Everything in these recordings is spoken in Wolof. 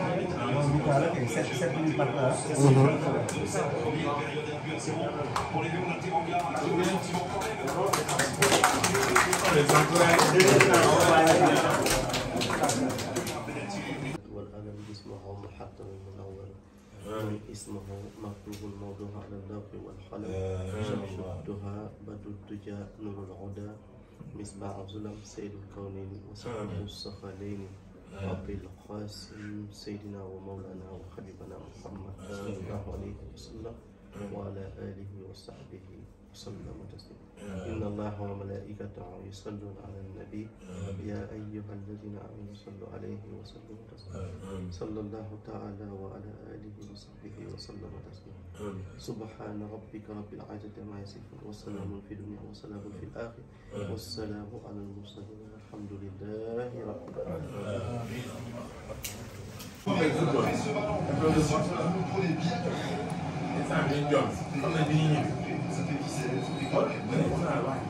moom huit ans la kay sept sept minutes par heure. والقلم جسمه محطم من أول اسمه مكتوب الموضوع على اللوح والقلم شدها بدر الدجى نور العدا مصباح ظلم سيد الكونين وسقف الصخلين رب القاسم سيدنا ومولانا وحبيبنا محمد صلى الله عليه وسلم وعلى آله وصحبه وسلم تسليما الله وملائكته يصلون على النبي يا أيها الذين آمنوا صلوا عليه وسلموا تسليما صلى الله تعالى وعلى آله وصحبه وسلم تسليما سبحان ربك رب العزة ما يصفون وسلام في الدنيا وسلام في الآخرة والسلام على المرسلين والحمد لله رب العالمين Ça fait 10 ans.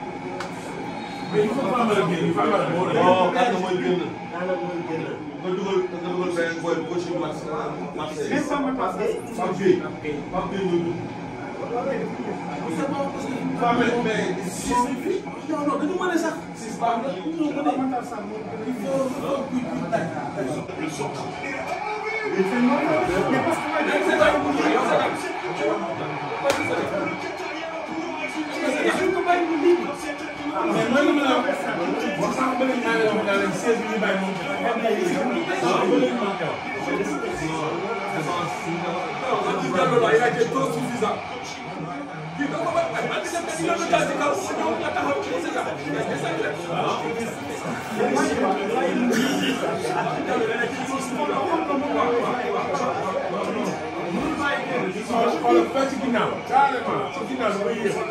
mais il faut Famara génn il faut Famara boo Kaka mooy génn. Kaka mooy génn. nga dugal nga dugal benn boy bu ko ci marché. marché bi mais Fama Pape Gueye. Pape Gueye Pape Gueye mooy dugg. Famara mais six non non dañu mën a sax. six baax na. il faut nga kuy kuy tàgg. bëgg naa leen wax daal seize bi ñu bàyyi moom ci ginnaaw carrément ci ginnaaw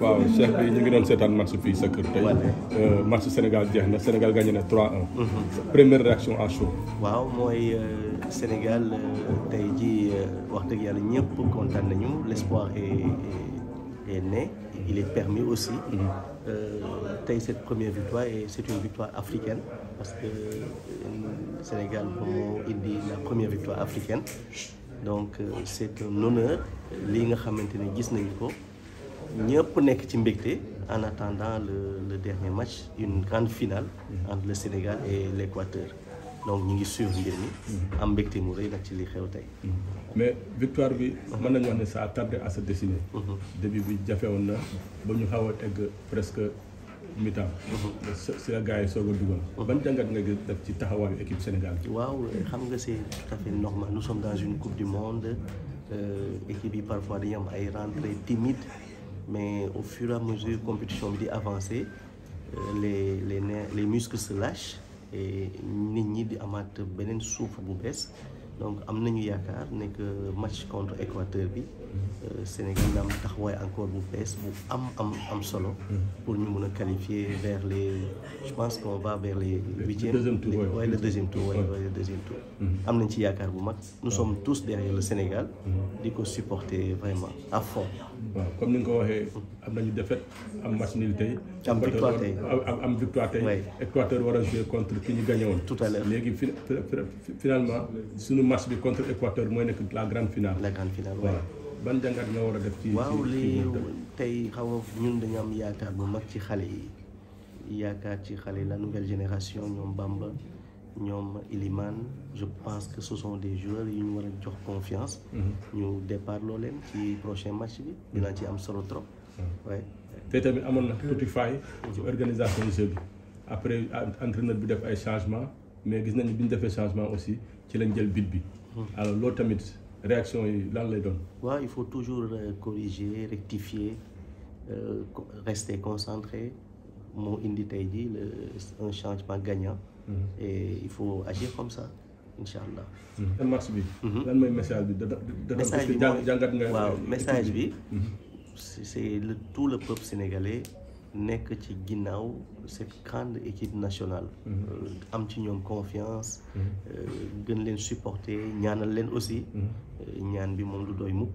waaw ñu ngi doon seetaan match fii sa kër tey euh, Sénégal jeex na Sénégal gagné na 3-1. Mhm. première à chaud. waaw mooy euh, Sénégal euh, tey jii wax dëgg yàlla ñëpp kontaan nañu l'espoir est est né il est permis aussi. Mhm. tey cette première victoire et c'est une victoire africaine parce que Sénégal moo indi la première victoire africaine donc c'est un honneur lii nga xamante ne gis nañu ko. ñëpp nekk ci mbégte en attendant le le dernier match une grande finale entre le Sénégal et l'Équateur donc ñu ngi suivre mbir mi mhm. am mbégte mu rëy nag ci li xew tey mhm. mais victoire bi mhm. mën nañu wax ne ça a tardé à se dessiner début bi na ba ñu xaw a egg presque mi-temps si la gars yi soog a dugal ban jàngat nga gis def ci taxawaayu équipe Sénégal bi waaw xam nga c'est tout à fait normal nous sommes dans une coupe du monde euh, équipe yi parfois dañu am ay rentrées timides mais au fur et à mesure compétition bi di avancer euh, les les les muscles se nit ñi di amaat beneen souffle bu bees donc am nañu yaakaar ne que match contre Équateur bi mm-hmm. euh, Sénégal na tax waay encore bu bees bu am am am solo. Mm-hmm. pour ñu mun a qualifier vers les je pense qu'on va vers les huitièmes. deuxième tour waaye le deuxième tour waaye le deuxième tour. Mm-hmm. am nañ ci yaakaar bu mag nous sommes tous derrière le Sénégal. di ko supporter vraiment à fond. waaw comme ni nga ko waxee am nañu défaite am match nul tey. am victoire tey am victoire tey. Équateur war a jouer contre ki ñu gagné woon. tout à l'heure léegi finalement suñu match bi contre Équateur mooy nekk la grande finale. la grande finale voilà ban jàngat nga war a def. ci waaw lii tey xaw a ñun dañu am yaakaar bu mag ci xale yi yaakaar ci xale yi la nouvelle génération ñoom Bamba. ñoom Ilimane je pense que ce sont des joueurs yu ñu war jox confiance. Mm-hmm. ñu départ loo leen ci prochain match bi. dina ci am solo trop. waaye mm-hmm. te tamit amoon na tuuti faille organisation jeu bi après entraîneur bi def ay changement mais gis nañu bi ñu defee changement aussi ci lañ jël bit bi. Mm-hmm. alors loolu tamit réaction yi lan lay doon. waaw il faut toujours euh, corriger rectifier euh, rester concentré. moo indi tey jii un changement gagnant. Mm-hmm. et il faut agir comme ça incha allah. Mm-hmm. te mars bi. Mm-hmm. lan mooy message bi da da message waaw message bi. le tout le peuple sénégalais nekk ci ginnaaw cette grande équipe nationale. Euh, am ci ñoom confiance. Euh, gën leen supporter ñaanal leen aussi. ñaan bi moom du dooy mukk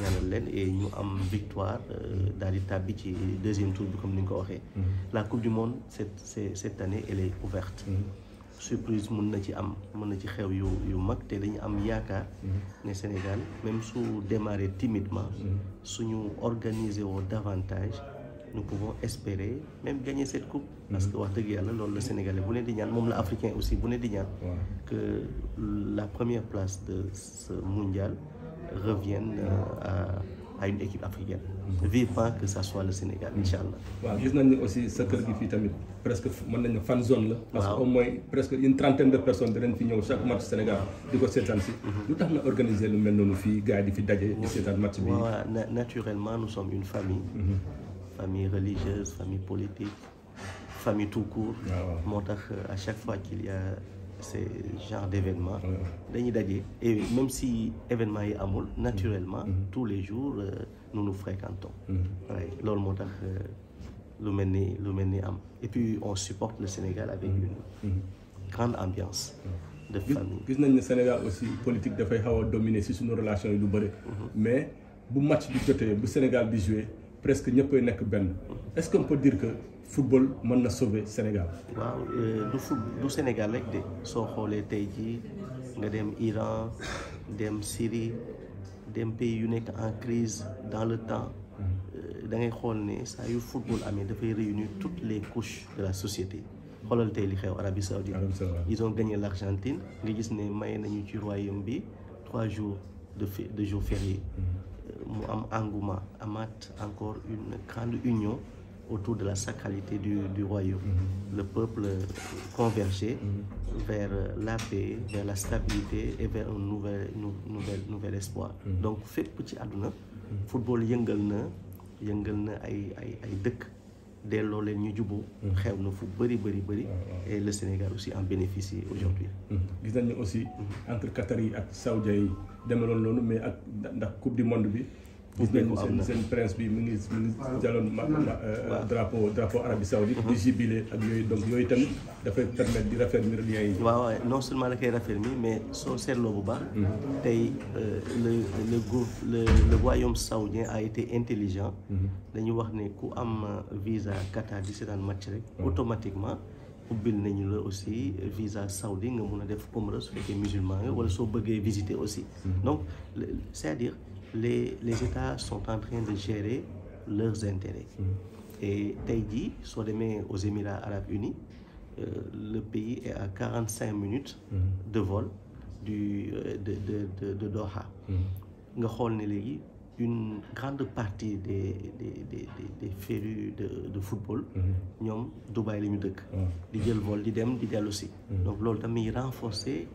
ñaanal leen et ñu am victoire euh, daal di tàbbi ci deuxième tour bi comme ni nga ko waxee mm-hmm. la coupe du monde cette cette cette année elle est ouverte mm-hmm. surprise mën na ci am mën na ci xew yu yu mag te dañu am yaakaar mm-hmm. ne Sénégal même su démarrer timidement suñu organiser woo davantage nous pouvons espérer même gagner cette coupe parce que mhm. wax dëgg yàlla loolu la sénégalais bu ne di ñaan moom la africain aussi bu ne di ñaan que la première place de ce mondial revienne euh, à à une équipe africaine. Mhm. vivement que ça soit le Sénégal mhm. incha allah. waaw gis nañ ne aussi sa kër gi fii tamit presque mën nañ ne fan zone la. parce que au moins presque une trentaine de personnes danañ fi ñëw chaque match Sénégal di ko seetaan si. organiser lu mel noonu fii gars di fi daje. di seetaan match bi waaw famille religieuse famille politique famille tout court ah moo tax euh, à chaque fois qu'il y a ce genre d'événement ah dañuy daje et même si événement yi amul naturellement mm-hmm. tous les jours euh, nous nous fréquentons mm-hmm. oui loolu moo tax euh, lu mel ni lu mel ni am et puis on supporte le Sénégal avec mm-hmm. une grande ambiance ah de famille gis nañ ne Sénégal aussi politique dafay xaw a dominer si suñu relation yi lu bëri mais bu match bi jotee bu Sénégal di jouer presque ñëppay nekk benn est-ce qu'on peut dire que football mën na sauver Sénégal. waaw euh, du foot du Sénégal rek de soo xoolee tey jii nga dem Iran dem Syrie dem pays yu nekk en crise dans le temps euh, da ngay xool ne saa yu football amee dafay réunir toutes les couches de la société. xoolal tey li xew Arabie Saoudite ils ont gagné l'Argentine nga gis ne may nañu ci royaume bi trois jours de de jours fériés mm-hmm. mu am engouement amaat encore une grande union autour de la sacralité du, du royaume. Mm Le peuple convergeait mm-hmm. vers la paix, vers la stabilité et vers un nouvel, espoir. Mm-hmm. Donc, fépp ci àdduna. football yëngal na yëngal na ay ay ay dëkk. delloo leen ñu juboo mm-hmm. xew na fu bëri bëri bëri mm-hmm. e le Sénégal aussi en bénéficie aujourd'hui mm-hmm. gis nañ aussi entre Qatar yi ak Saoudia yi demaloon noonu mais ak ndax coupe du monde bi seen seen prince bi mu ngi ngi jaloon ma euh, drapeau drapeau Arabie Saoudite mhm. di jubilé ak yooyu donc yooyu tamit dafay permettre di raffermir lien yi waaw waaw non seulement da koy raffermir mais soo seetloo bu baax mhm. tey euh, le le gouv le le royaume saoudien a été intelligent mhm. dañu wax ne ku am euh, visa Qatar di seetaan match rek automatiquement ubbil nañu la aussi visa saoudi nga mun a def umra su fekkee musulman nga wala soo bëggee visiter aussi donc c'est-à-dire les les États sont en train de gérer leurs intérêts. Mm-hmm. et tey jii soo demee aux Émirats arabes unis euh, le pays est à quarante cinq minutes. Mm-hmm. de vol du euh, de de de Doha. Mm-hmm. nga xool ne léegi une grande partie des des de de football. ñoom Dubaï la dëkk. di jël vol di dem di dellu si. donc loolu tamit renforcer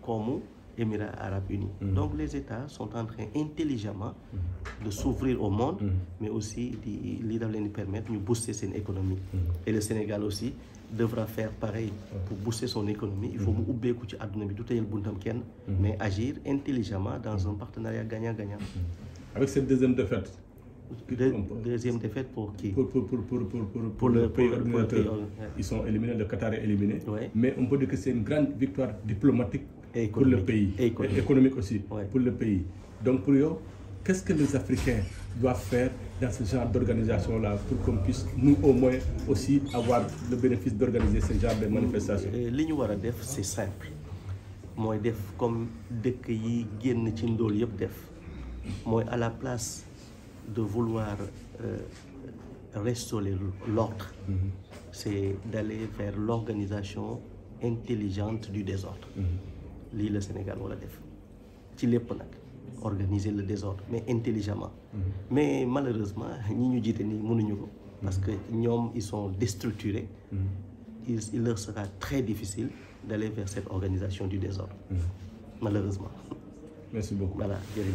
Émirats arabes unis. Mm Donc les États sont en train intelligemment mm. de s'ouvrir au monde, mm. mais aussi di li daf leen permettre ñu booster seen économie. Mm. Et le Sénégal aussi devra faire pareil pour booster son économie. Il faut mu ubbeeku ci àdduna bi du tëyal buntam kenn. mais agir intelligemment dans un partenariat gagnant-gagnant. Avec cette deuxième défaite. De, deuxième défaite pour qui pour, pour, pour, le, pays ordinateur. Ils sont éliminés, le Qatar éliminé. Mais on peut dire que c'est et pour le pays. Et économique, aussi, ouais. pour le pays. Donc pour yow, qu'est-ce que les Africains doivent faire dans ce genre d'organisation-là pour qu'on puisse nous au moins aussi avoir le bénéfice d'organiser ce genre de manifestation li ñu war a def c'est simple mooy def comme dëkk yi génn ci ndool yëpp def mooy à la place de vouloir euh, restaurer l'ordre mm -hmm. c'est d'aller vers l'organisation intelligente du désordre mm lii la Sénégal wala def ci lépp nag organiser le désordre mais intelligemment mm-hmm. mais malheureusement ñi ñu jiite nii mënuñu ko parce que mm-hmm. ñoom ils sont déstructurés mm-hmm. il il leur sera très difficile d'aller vers cette organisation du désordre malheureusement merci beaucoup voilà